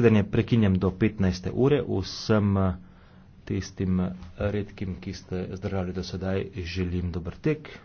Zdaj prekinjam do 15. ure vsem eh, tistim eh, redkim, ki ste zdržali do sedaj, želim dober tek.